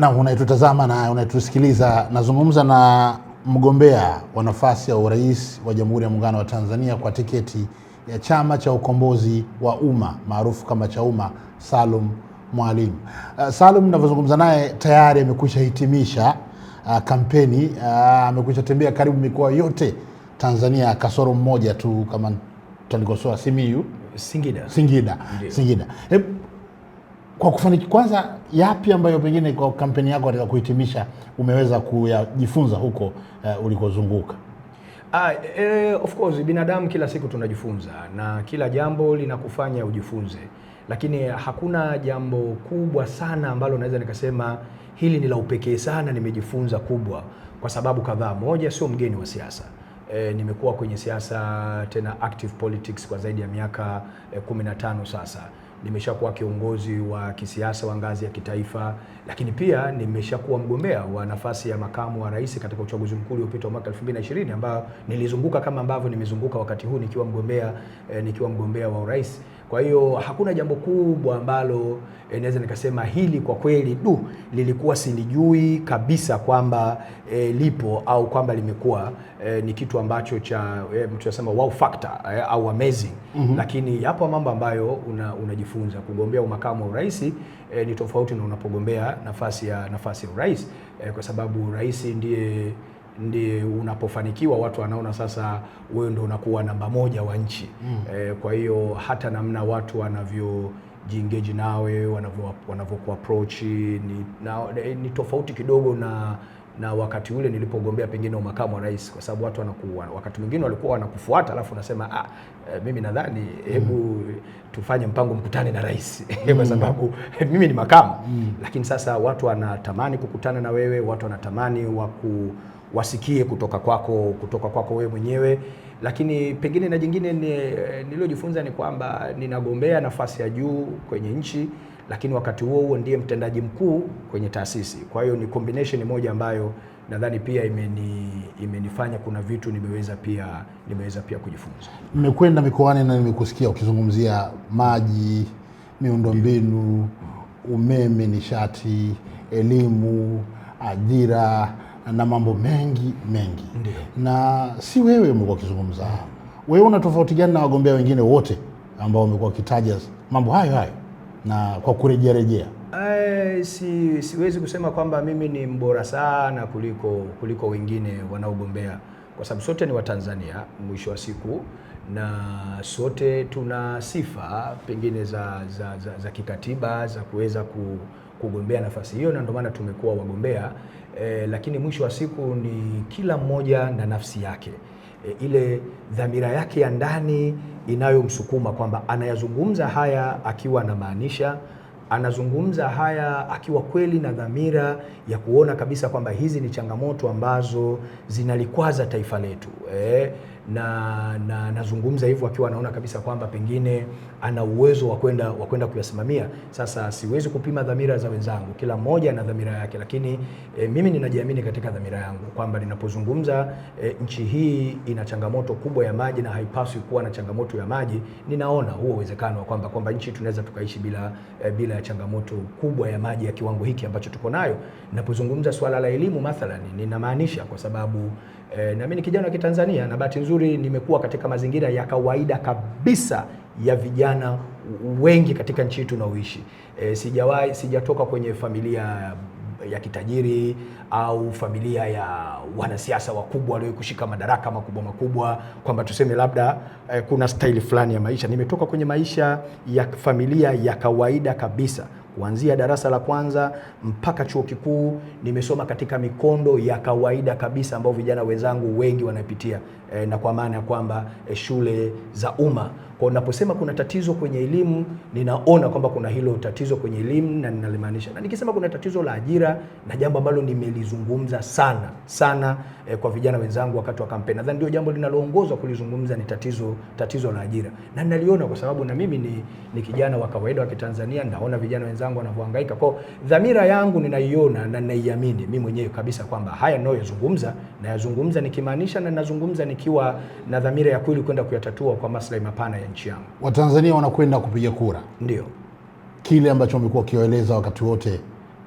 Na unaitutazama na unaitusikiliza, nazungumza na mgombea wa nafasi ya urais wa Jamhuri ya Muungano wa Tanzania kwa tiketi ya Chama cha Ukombozi wa Umma maarufu kama umma Salum Mwalimu. Uh, Salum ninavyozungumza naye tayari amekwisha hitimisha uh, kampeni uh, amekwisha tembea karibu mikoa yote Tanzania kasoro mmoja tu kama talikosoa Simiyu, Singida, Singida, Singida. Singida kwa kufaniki kwanza, yapi ambayo pengine kwa kampeni yako katika kuhitimisha umeweza kuyajifunza huko uh, ulikozunguka? Ah, eh, of course binadamu kila siku tunajifunza na kila jambo linakufanya ujifunze, lakini hakuna jambo kubwa sana ambalo naweza nikasema hili ni la upekee sana nimejifunza kubwa, kwa sababu kadhaa. Moja, sio mgeni wa siasa E, nimekuwa kwenye siasa tena active politics kwa zaidi ya miaka e, eh, 15 sasa nimeshakuwa kiongozi wa kisiasa wa ngazi ya kitaifa, lakini pia nimeshakuwa mgombea wa nafasi ya makamu wa rais katika uchaguzi mkuu uliopita wa mwaka 2020 ambao nilizunguka kama ambavyo nimezunguka wakati huu nikiwa mgombea eh, nikiwa mgombea wa urais kwa hiyo hakuna jambo kubwa ambalo eh, naweza nikasema hili kwa kweli du lilikuwa silijui kabisa kwamba e, lipo au kwamba limekuwa e, ni kitu ambacho cha e, mtu anasema wow factor e, au amazing mm -hmm. Lakini yapo mambo ambayo una, unajifunza. Kugombea umakamu wa urais e, ni tofauti na unapogombea nafasi ya nafasi ya urais e, kwa sababu rais ndiye ndiye unapofanikiwa watu wanaona sasa wewe ndio unakuwa namba moja wa nchi mm. E, kwa hiyo hata namna watu wanavyo jiengage nawe wanavyoku approach ni, na, eh, ni tofauti kidogo na na wakati ule nilipogombea pengine umakamu wa rais, kwa sababu watu wanakuwa wakati mwingine walikuwa wanakufuata, alafu unasema ah, eh, mimi nadhani hebu mm. tufanye mpango mkutane na rais mm. kwa sababu mimi ni makamu mm. Lakini sasa watu wanatamani kukutana na wewe, watu wanatamani waku wasikie kutoka kwako kutoka kwako wewe mwenyewe. Lakini pengine na jingine eh, niliyojifunza ni kwamba ninagombea nafasi ya juu kwenye nchi, lakini wakati huo huo ndiye mtendaji mkuu kwenye taasisi. Kwa hiyo ni combination moja ambayo nadhani pia imeni, imenifanya kuna vitu nimeweza pia nimeweza pia kujifunza. Nimekwenda mikoani na nimekusikia ukizungumzia maji, miundombinu, umeme, nishati, elimu, ajira na mambo mengi mengi. Ndiyo. Na si wewe umekuwa ukizungumza, wewe una tofauti gani na wagombea wengine wote ambao wamekuwa wakitaja mambo hayo hayo na kwa kurejea rejea? Eh, si, siwezi kusema kwamba mimi ni mbora sana kuliko kuliko wengine wanaogombea kwa sababu sote ni Watanzania mwisho wa siku, na sote tuna sifa pengine za, za, za, za kikatiba za kuweza kugombea nafasi hiyo, na ndio maana tumekuwa wagombea e, lakini mwisho wa siku ni kila mmoja na nafsi yake e, ile dhamira yake ya ndani inayomsukuma kwamba anayazungumza haya akiwa anamaanisha anazungumza haya akiwa kweli na dhamira ya kuona kabisa kwamba hizi ni changamoto ambazo zinalikwaza taifa letu. E, na na nazungumza hivyo akiwa anaona kabisa kwamba pengine ana uwezo wa kwenda wa kwenda kuyasimamia. Sasa siwezi kupima dhamira za wenzangu, kila mmoja ana dhamira yake, lakini e, mimi ninajiamini katika dhamira yangu kwamba ninapozungumza e, nchi hii ina changamoto kubwa ya maji na haipaswi kuwa na changamoto ya maji. Ninaona huo uwezekano wa kwamba kwamba nchi tunaweza tukaishi bila e, bila ya changamoto kubwa ya maji ya kiwango hiki ambacho tuko nayo. Ninapozungumza swala la elimu mathalani, ninamaanisha kwa sababu e, na mimi ni kijana wa Kitanzania na bahati nzuri nimekuwa katika mazingira ya kawaida kabisa ya vijana wengi katika nchi yetu tunaoishi. E, sijawahi sijatoka kwenye familia ya kitajiri au familia ya wanasiasa wakubwa walio kushika madaraka makubwa makubwa, kwamba tuseme labda e, kuna staili fulani ya maisha. Nimetoka kwenye maisha ya familia ya kawaida kabisa, kuanzia darasa la kwanza mpaka chuo kikuu nimesoma katika mikondo ya kawaida kabisa ambayo vijana wenzangu wengi wanapitia e, na kwa maana ya kwamba e, shule za umma. Kwa unaposema kuna tatizo kwenye elimu, ninaona kwamba kuna hilo tatizo kwenye elimu na ninalimaanisha, na nikisema kuna tatizo la ajira na jambo ambalo nimelizungumza sana sana eh, kwa vijana wenzangu wakati wa kampeni, nadhani ndio jambo linaloongozwa kulizungumza ni tatizo tatizo la ajira, na ninaliona kwa sababu na mimi ni, ni kijana wa kawaida wa Kitanzania, naona vijana wenzangu wanavyohangaika. Kwa dhamira yangu ninaiona na ninaiamini mimi mwenyewe kabisa kwamba haya ninayozungumza nayazungumza nikimaanisha na ninazungumza nikiwa na dhamira ya kweli kwenda kuyatatua kwa maslahi mapana ya nchi yangu. Watanzania wanakwenda kupiga kura, ndio kile ambacho wamekuwa wakiwaeleza wakati wote.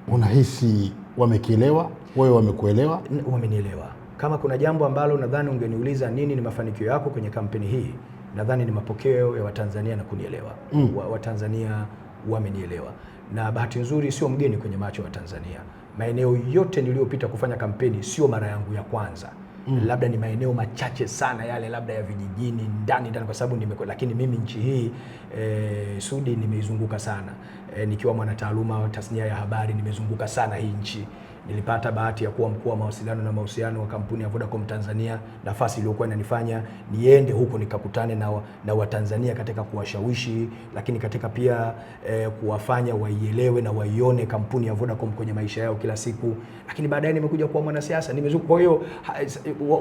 Unahisi wamekielewa? Wewe wamekuelewa? Wamenielewa. Kama kuna jambo ambalo nadhani ungeniuliza nini ni mafanikio yako kwenye kampeni hii, nadhani ni mapokeo ya Watanzania na kunielewa. Mm. Watanzania wa wamenielewa, na bahati nzuri sio mgeni kwenye macho ya Watanzania. Maeneo yote niliyopita kufanya kampeni sio mara yangu ya kwanza mm. labda ni maeneo machache sana yale labda ya vijijini ndani ndani, kwa sababu nimekuwa, lakini mimi nchi hii e, Sudi nimeizunguka sana e, nikiwa mwanataaluma tasnia ya habari nimezunguka sana hii nchi nilipata bahati ya kuwa mkuu wa mawasiliano na mahusiano wa kampuni ya Vodacom Tanzania, nafasi iliyokuwa inanifanya niende huko nikakutane na, na Watanzania katika kuwashawishi, lakini katika pia eh, kuwafanya waielewe na waione kampuni ya Vodacom kwenye maisha yao kila siku, lakini baadaye nimekuja kuwa mwanasiasa, nimezuka. Kwa hiyo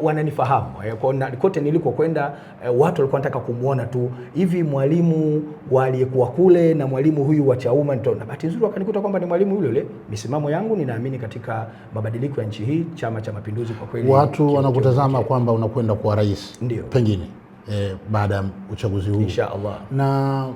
wananifahamu eh, kote nilikokwenda eh, watu walikuwa wanataka kumwona tu hivi mwalimu waliyekuwa kule na mwalimu huyu wa Chauma, na bahati nzuri wakanikuta kwamba ni mwalimu yule yule, misimamo yangu ninaamini katika katika mabadiliko ya nchi hii, Chama cha Mapinduzi kwa kweli watu wanakutazama kwamba unakwenda kuwa rais ndio pengine e, baada ya uchaguzi huu inshaallah na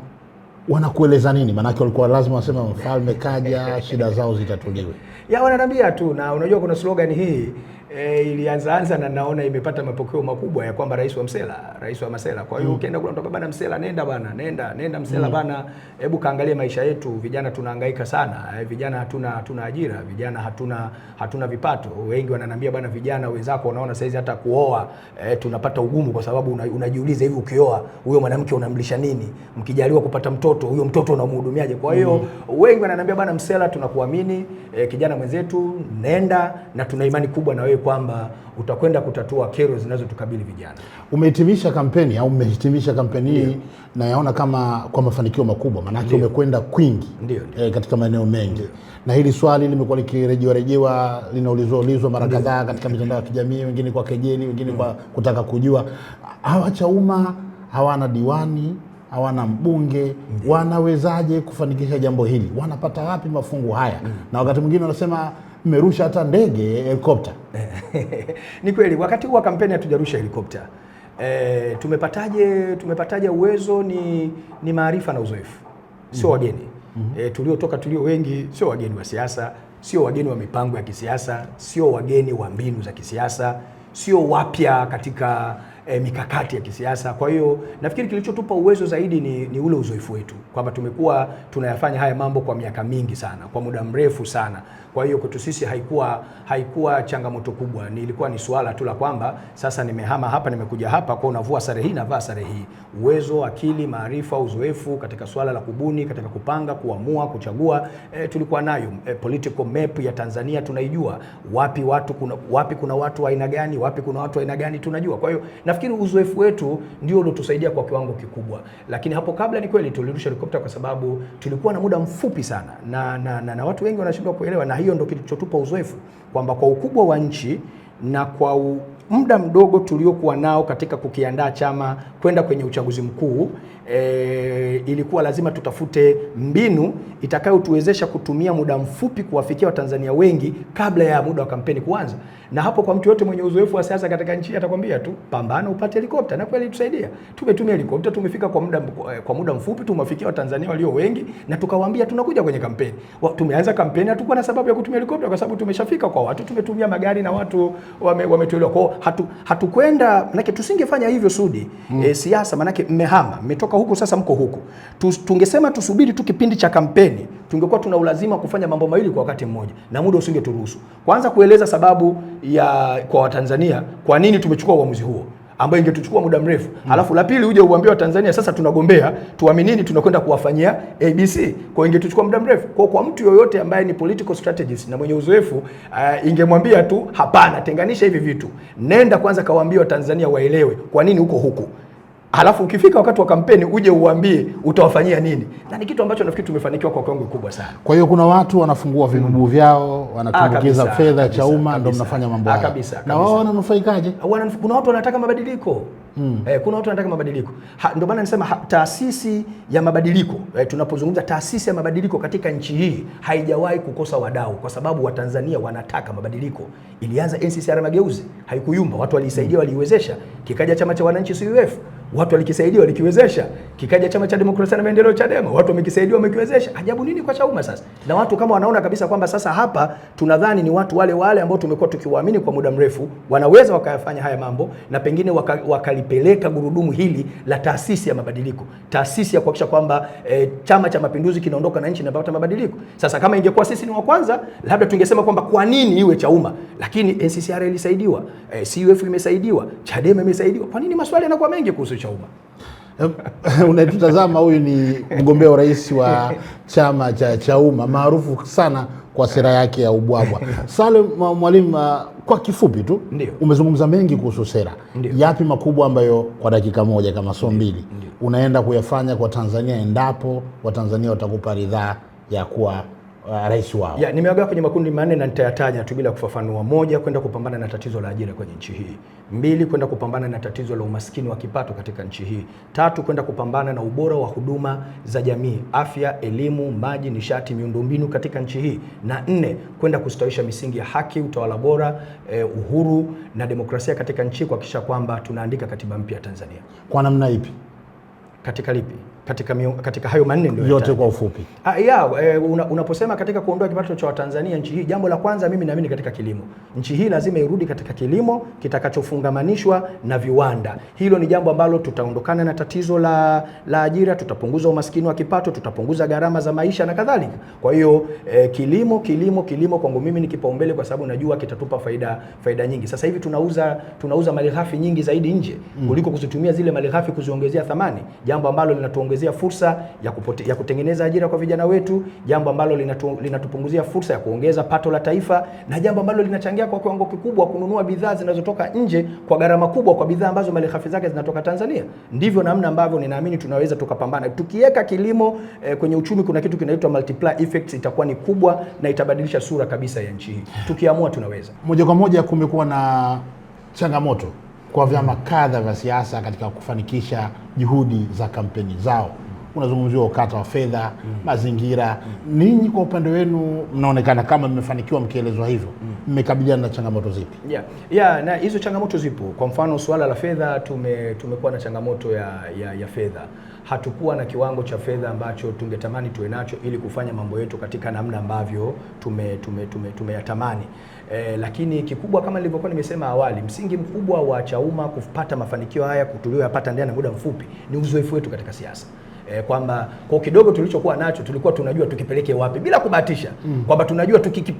wanakueleza nini? Maanake walikuwa lazima wasema mfalme kaja, shida zao zitatuliwe. Ya wananiambia tu, na unajua kuna slogan hii e, ilianzaanza na naona imepata mapokeo makubwa ya kwamba rais wa Msela, rais wa Masela. Kwa hiyo mm. ukienda kule unatoka bana Msela, nenda bana, nenda nenda Msela mm. bana, hebu kaangalie maisha yetu, vijana tunahangaika sana e, vijana hatuna hatuna ajira, vijana hatuna hatuna vipato. Wengi wananiambia bana, vijana wenzako unaona saizi hata kuoa e, tunapata ugumu kwa sababu una, unajiuliza hivi, ukioa huyo mwanamke unamlisha nini? Mkijaliwa kupata mtoto, huyo mtoto unamhudumiaje? Kwa hiyo mm. wengi wananiambia bana, Msela tunakuamini e, kijana mwenzetu, nenda na tuna imani kubwa na wewe uelewe kwamba utakwenda kutatua kero zinazotukabili vijana. Umehitimisha kampeni au umehitimisha kampeni hii na yaona kama kwa mafanikio makubwa, maanake umekwenda kwingi e, katika maeneo mengi Ndiyo. Na hili swali limekuwa likirejewarejewa linaulizwa ulizwa mara kadhaa katika mitandao ya kijamii, wengine kwa kejeli, wengine kwa kutaka kujua hawa CHAUMMA hawana diwani hawana mbunge, wanawezaje kufanikisha jambo hili? Wanapata wapi mafungu haya? mm. na wakati mwingine wanasema mmerusha hata ndege eh, helikopta. Ni kweli, wakati huu wa kampeni hatujarusha helikopta. E, eh, tumepataje tumepataje uwezo? Ni, ni maarifa na uzoefu, sio mhm. wageni mm -hmm. E, tuliotoka tulio wengi sio wageni wa siasa, sio wageni wa mipango ya kisiasa, sio wageni wa mbinu za kisiasa, sio wapya katika e, mikakati ya kisiasa. Kwa hiyo nafikiri kilichotupa uwezo zaidi ni, ni ule uzoefu wetu kwamba tumekuwa tunayafanya haya mambo kwa miaka mingi sana, kwa muda mrefu sana. Kwa hiyo kwetu sisi haikuwa haikuwa changamoto kubwa, nilikuwa ni suala tu la kwamba sasa nimehama hapa, nimekuja hapa, kwa unavua sare hii, navaa sare hii. Uwezo, akili, maarifa, uzoefu katika suala la kubuni, katika kupanga, kuamua, kuchagua e, tulikuwa nayo e, political map ya Tanzania tunaijua, wapi watu kuna, wapi kuna watu aina gani, wapi kuna watu aina gani tunajua. Kwa hiyo na nafikiri uzoefu wetu ndio uliotusaidia kwa kiwango kikubwa, lakini hapo kabla ni kweli tulirusha helikopta kwa sababu tulikuwa na muda mfupi sana na, na, na, na watu wengi wanashindwa kuelewa, na hiyo ndio kilichotupa uzoefu kwamba kwa ukubwa wa nchi na kwa u muda mdogo tuliokuwa nao katika kukiandaa chama kwenda kwenye uchaguzi mkuu e, ilikuwa lazima tutafute mbinu itakayotuwezesha kutumia muda mfupi kuwafikia Watanzania wengi kabla ya muda wa kampeni kuanza. Na hapo kwa mtu yote mwenye uzoefu wa siasa katika nchi atakwambia tu pambana upate helikopta, na kweli tusaidia. Tumetumia helikopta, tumefika kwa muda, kwa muda mfupi tumewafikia Watanzania walio wengi, na tukawaambia tunakuja kwenye kampeni. Tumeanza kampeni, hatukuwa na sababu ya kutumia helikopta kwa sababu tumeshafika kwa watu, tumetumia magari na watu wametolewa wame kwao, hatukwenda hatu, manake tusingefanya hivyo Sudi. hmm. E, siasa manake mmehama mmetoka mnatoka huku, sasa mko huku. Tungesema tusubiri tu kipindi cha kampeni, tungekuwa tuna ulazima kufanya mambo mawili kwa wakati mmoja, na muda usingeturuhusu. Kwanza kueleza sababu ya kwa Watanzania kwa nini tumechukua uamuzi huo ambayo ingetuchukua muda mrefu hmm. Alafu la pili uje uambie Watanzania sasa tunagombea tuaminini, tunakwenda kuwafanyia ABC. Kwa hiyo ingetuchukua muda mrefu. Kwa kwa mtu yoyote ambaye ni political strategist na mwenye uzoefu uh, ingemwambia tu hapana, tenganisha hivi vitu, nenda kwanza kawaambie Watanzania waelewe kwa nini uko huku halafu ukifika wakati wa kampeni uje uambie utawafanyia nini, na ni kitu ambacho nafikiri tumefanikiwa kwa kiwango kikubwa sana. Kwa hiyo kuna watu wanafungua vibubu vyao wanatumbukiza ah, fedha Chauma, ndio mnafanya mambo ah, haya na wao wananufaikaje? Kuna watu wanataka mabadiliko mm. Eh, kuna watu wanataka mabadiliko, ndio maana nisema taasisi ya mabadiliko eh, tunapozungumza taasisi ya mabadiliko katika nchi hii haijawahi kukosa wadau, kwa sababu Watanzania wanataka mabadiliko. Ilianza NCCR Mageuzi, haikuyumba, watu waliisaidia, hmm. waliiwezesha, kikaja chama cha wananchi CUF watu walikisaidia walikiwezesha, kikaja chama cha demokrasia na maendeleo Chadema, watu wamekisaidia wamekiwezesha. Ajabu nini kwa Chauma sasa? Na watu kama wanaona kabisa kwamba sasa hapa tunadhani ni watu wale wale ambao tumekuwa tukiwaamini kwa muda mrefu, wanaweza wakayafanya haya mambo na pengine waka, wakalipeleka gurudumu hili la taasisi ya mabadiliko, taasisi ya kuhakikisha kwamba e, Chama cha Mapinduzi kinaondoka na nchi inapata mabadiliko. Sasa kama ingekuwa sisi ni wa kwanza, labda tungesema kwamba kwa nini iwe Chauma, lakini NCCR ilisaidiwa, eh, CUF imesaidiwa, Chadema imesaidiwa. Kwa nini maswali yanakuwa mengi kuhusu Chauma? Eh, Unatutazama, huyu ni mgombea urais wa chama cha Chauma maarufu sana kwa sera yake ya ubwabwa. Salum Mwalimu, ah, kwa kifupi tu, umezungumza mengi kuhusu sera. Ndiyo. Yapi makubwa ambayo kwa dakika moja kama sio mbili unaenda kuyafanya kwa Tanzania endapo Watanzania watakupa ridhaa ya kuwa Uh, rais wao. Ya, nimewagawa kwenye makundi manne na nitayataja tu bila kufafanua. Moja, kwenda kupambana na tatizo la ajira kwenye nchi hii. Mbili, kwenda kupambana na tatizo la umaskini wa kipato katika nchi hii. Tatu, kwenda kupambana na ubora wa huduma za jamii, afya, elimu, maji, nishati, miundombinu katika nchi hii. Na nne, kwenda kustawisha misingi ya haki, utawala bora, eh, uhuru na demokrasia katika nchi, kuhakikisha kwamba tunaandika katiba mpya ya Tanzania. Kwa namna ipi? Katika lipi? katika, miu, katika hayo manne ndio yote kwa ufupi. Ah, ya, e, una, unaposema katika kuondoa kipato cha Watanzania nchi hii, jambo la kwanza mimi naamini katika kilimo. Nchi hii lazima irudi katika kilimo kitakachofungamanishwa na viwanda. Hilo ni jambo ambalo tutaondokana na tatizo la, la ajira, tutapunguza umaskini wa kipato, tutapunguza gharama za maisha na kadhalika. Kwa hiyo e, kilimo kilimo kilimo kwangu mimi ni kipaumbele, kwa sababu najua kitatupa faida faida nyingi. Sasa hivi tunauza tunauza malighafi nyingi zaidi nje mm. kuliko kuzitumia zile malighafi kuziongezea thamani, jambo ambalo linatuongezea linatuongezea fursa ya, kupote, ya kutengeneza ajira kwa vijana wetu, jambo ambalo linatu, linatupunguzia fursa ya kuongeza pato la taifa na jambo ambalo linachangia kwa kiwango kikubwa kununua bidhaa zinazotoka nje kwa gharama kubwa kwa bidhaa ambazo malighafi zake zinatoka Tanzania. Ndivyo namna ambavyo ninaamini tunaweza tukapambana tukiweka kilimo eh, kwenye uchumi kuna kitu kinaitwa multiplier effects itakuwa ni kubwa na itabadilisha sura kabisa ya nchi hii. Tukiamua tunaweza. Moja kwa moja kumekuwa na changamoto kwa vyama kadha vya siasa katika kufanikisha juhudi za kampeni zao. Unazungumziwa ukata wa fedha mm. mazingira mm. ninyi kwa upande wenu mnaonekana kama mmefanikiwa mkielezwa hivyo, mmekabiliana na changamoto zipi? yeah. Yeah, na hizo changamoto zipo. Kwa mfano suala la fedha, tume tumekuwa na changamoto ya, ya, ya fedha. Hatukuwa na kiwango cha fedha ambacho tungetamani tuwe nacho ili kufanya mambo yetu katika namna ambavyo tume tume tumeyatamani tume E, lakini kikubwa kama nilivyokuwa nimesema awali, msingi mkubwa wa Chauma kupata mafanikio haya tulioyapata ndani ya muda mfupi ni uzoefu wetu katika siasa eh, kwamba kwa kidogo tulichokuwa nacho tulikuwa tunajua tukipeleke wapi bila kubahatisha mm. kwamba tunajua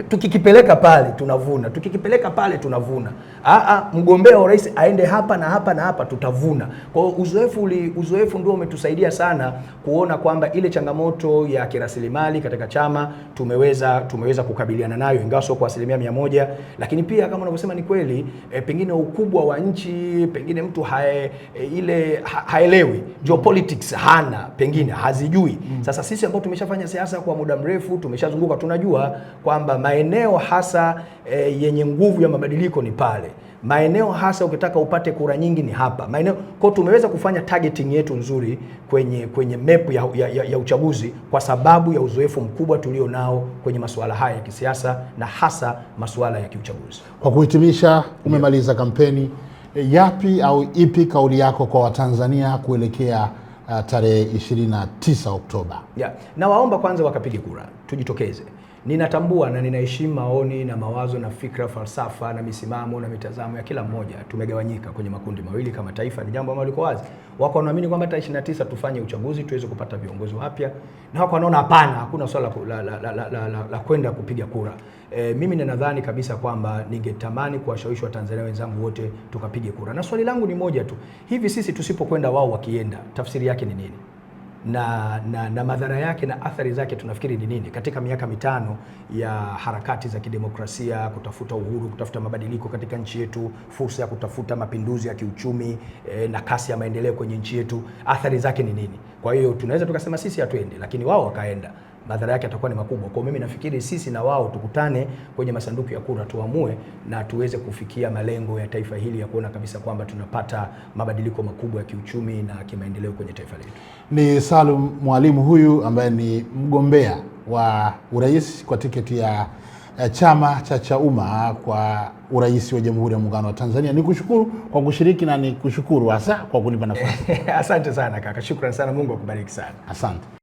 tukikipeleka pale tunavuna, tukikipeleka pale tunavuna Aa, ah, ah, mgombea urais aende hapa na hapa na hapa, tutavuna. Kwa hiyo uzoefu uli, uzoefu ndio umetusaidia sana kuona kwamba ile changamoto ya kirasilimali katika chama tumeweza tumeweza kukabiliana nayo, ingawa sio kwa asilimia mia moja, lakini pia kama unavyosema ni kweli e, pengine ukubwa wa nchi pengine mtu hae, e, ile ha, haelewi geopolitics hana pengine hazijui. Mm. Sasa sisi ambao tumeshafanya siasa kwa muda mrefu tumeshazunguka, tunajua kwamba maeneo hasa e, yenye nguvu ya mabadiliko ni pale maeneo hasa ukitaka upate kura nyingi ni hapa maeneo kwa, Tumeweza kufanya targeting yetu nzuri kwenye kwenye map ya, ya, ya, ya uchaguzi kwa sababu ya uzoefu mkubwa tulio nao kwenye masuala haya ya kisiasa na hasa masuala ya kiuchaguzi. Kwa kuhitimisha, umemaliza kampeni, e, yapi au ipi kauli yako kwa Watanzania kuelekea uh, tarehe 29 Oktoba? Yeah. Nawaomba kwanza wakapige kura, tujitokeze Ninatambua na ninaheshimu maoni na mawazo na fikra, falsafa na misimamo na mitazamo ya kila mmoja. Tumegawanyika kwenye makundi mawili kama taifa, ni jambo ambalo liko wazi. Wako wanaamini kwamba tarehe tufanye uchaguzi tuweze kupata viongozi wapya, na wako wanaona hapana, hakuna swala la, la, la, la, la, la kwenda kupiga kura. E, mimi ninadhani kabisa kwamba ningetamani kuwashawishi Watanzania wenzangu wote tukapige kura, na swali langu ni moja tu, hivi sisi tusipokwenda, wao wakienda, tafsiri yake ni nini? na, na, na madhara yake na athari zake tunafikiri ni nini katika miaka mitano ya harakati za kidemokrasia, kutafuta uhuru, kutafuta mabadiliko katika nchi yetu, fursa ya kutafuta mapinduzi ya kiuchumi e, na kasi ya maendeleo kwenye nchi yetu, athari zake ni nini? Kwa hiyo tunaweza tukasema sisi hatuende, lakini wao wakaenda madhara yake yatakuwa ni makubwa. Kwa mimi nafikiri sisi na wao tukutane kwenye masanduku ya kura, tuamue na tuweze kufikia malengo ya taifa hili ya kuona kabisa kwamba tunapata mabadiliko makubwa ya kiuchumi na kimaendeleo kwenye taifa letu. Ni Salum Mwalimu huyu ambaye ni mgombea wa urais kwa tiketi ya eh, chama cha Chauma kwa urais wa Jamhuri ya Muungano wa Tanzania. Nikushukuru kwa kushiriki na nikushukuru hasa kwa kunipa nafasi. Asante sana kaka, shukrani sana, Mungu akubariki sana. Asante.